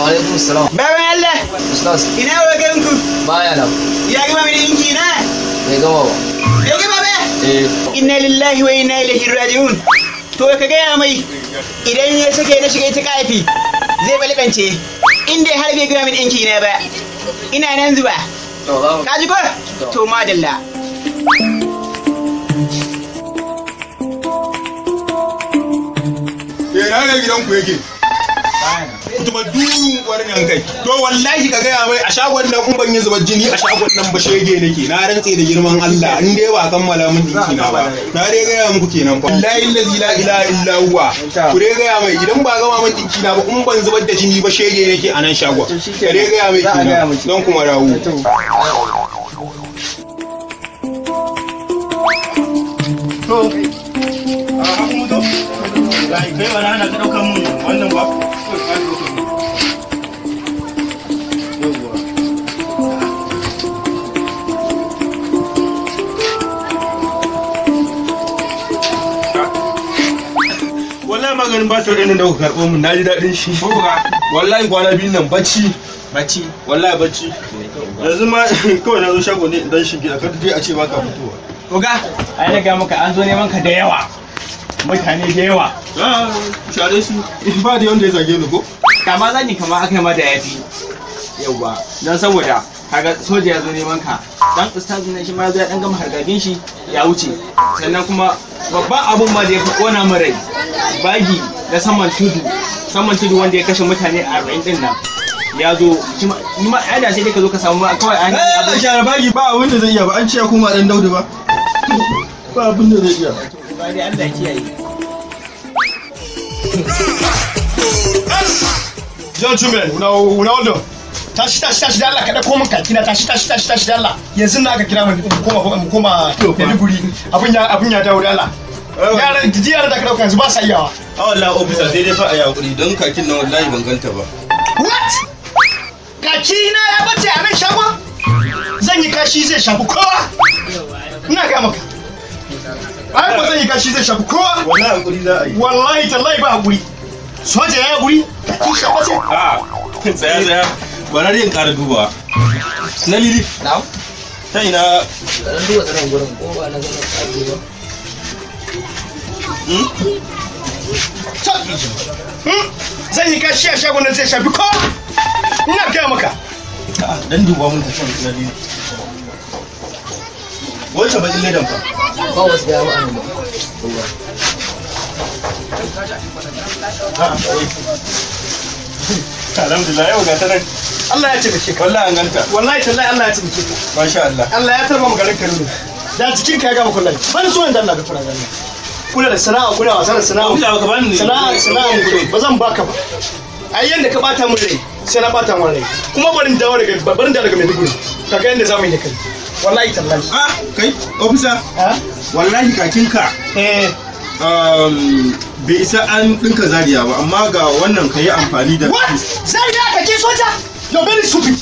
Wa alaikum salam. Baban Allah. Ustaz. Ina wajen Baya nan. Ya gama mini inki na? Bai gama ba. Bai gama ba? Eh. Inna lillahi wa inna ilaihi To ka gaya mai idan ya sake na shiga ita kafi zai balibance. Inda har bai gama mini inki na ba. Ina nan zuba. Ka ji ko? To madalla. ne gidan ku yake? kuma duyun kwarnan kai to wallahi ka gaya mai a shagon nan in ban yi zubar jini a shagon nan ba shege nake na rantse da girman Allah in dai ba kammala min dinki na ba na dai gaya muku kenan fa wallahi allazi la ilaha illa huwa ku dai gaya mai idan ba gama mun dinki na ba in ban zubar da jini ba shege nake a nan shagon ka dai gaya mai kenan don kuma rawu to a ah, hakuto kai wala na ka daukan mu wallahi maganin ba ta da ku karɓo mun na ji daɗin shi wallahi kwana biyun nan bacci bacci wallahi bacci yanzu ma kawai na zo shago ne dan shi gida kada dai a ce baka fitowa oga A yi ga maka an zo neman ka da yawa mutane da yawa ah, share su ba da yanda ya zage ni ko kama zani kama aka yi ma da yafi yauwa dan saboda kaga soja ya zo neman ka dan ustazu nan shi ma ya dan gama hargagin shi ya wuce sannan kuma babban abun ma da ya fi kona mu rai bagi da saman tudu saman tudu wanda ya kashe mutane a 40 din nan ya zo ni ma da sai dai ka zo ka samu kawai an eh, abin share bagi ba abin da zai iya ba an ce kuma dan daudu ba ba abin da zai iya ba dai Allah ya kiyaye Gentlemen, now, now, tashi tashi tashi da Allah ka dauko min kaki na tashi tashi tashi tashi da Allah yanzu na ka kira mu koma mu koma Maiduguri abun ya abun ya dawo da Allah yaran jiyar da ka dauka yanzu ba sa iyawa a wallahi officer sai dai fa a yakuri don kakin nan wallahi ban ganta ba what kaki na ya bace a nan shago? zan yi kashi zai shafi kowa ina ga maka ai ba zan yi kashi zai shafi kowa wallahi hakuri za a yi wallahi tallahi ba hakuri soja ya hakuri kaki shafa sai a tsaya tsaya bari yin ƙara duba na lili na. ta ina ko ba na hmm? hmm? zan yi kashi a shagon da zai shafi ko ina gaya maka dan duba mun ta shan na wacce ba ile dan fa ba wasu gaya wa annabi Alhamdulillah yau ga ta nan Allah ya taimake ka wallahi an ganta wallahi tallahi Allah ya taimake ka masha Allah Allah ya tarba mu garin kano. da cikin ka ya gaba kullai ban so inda Allah ga fara gani kula da sana'a kula wasa da sana'a kula ka bani sana'a sana'a ba zan baka ba ai yanda ka bata min rai sai na bata mu rai kuma barin dawo daga barin dawo daga Maiduguri ka ga yanda zamu yi da kai wallahi tallahi ah kai officer ah wallahi kakin ka eh um bai isa an dinka zariya ba amma ga wannan ka yi amfani da what zariya kake soja You're very stupid.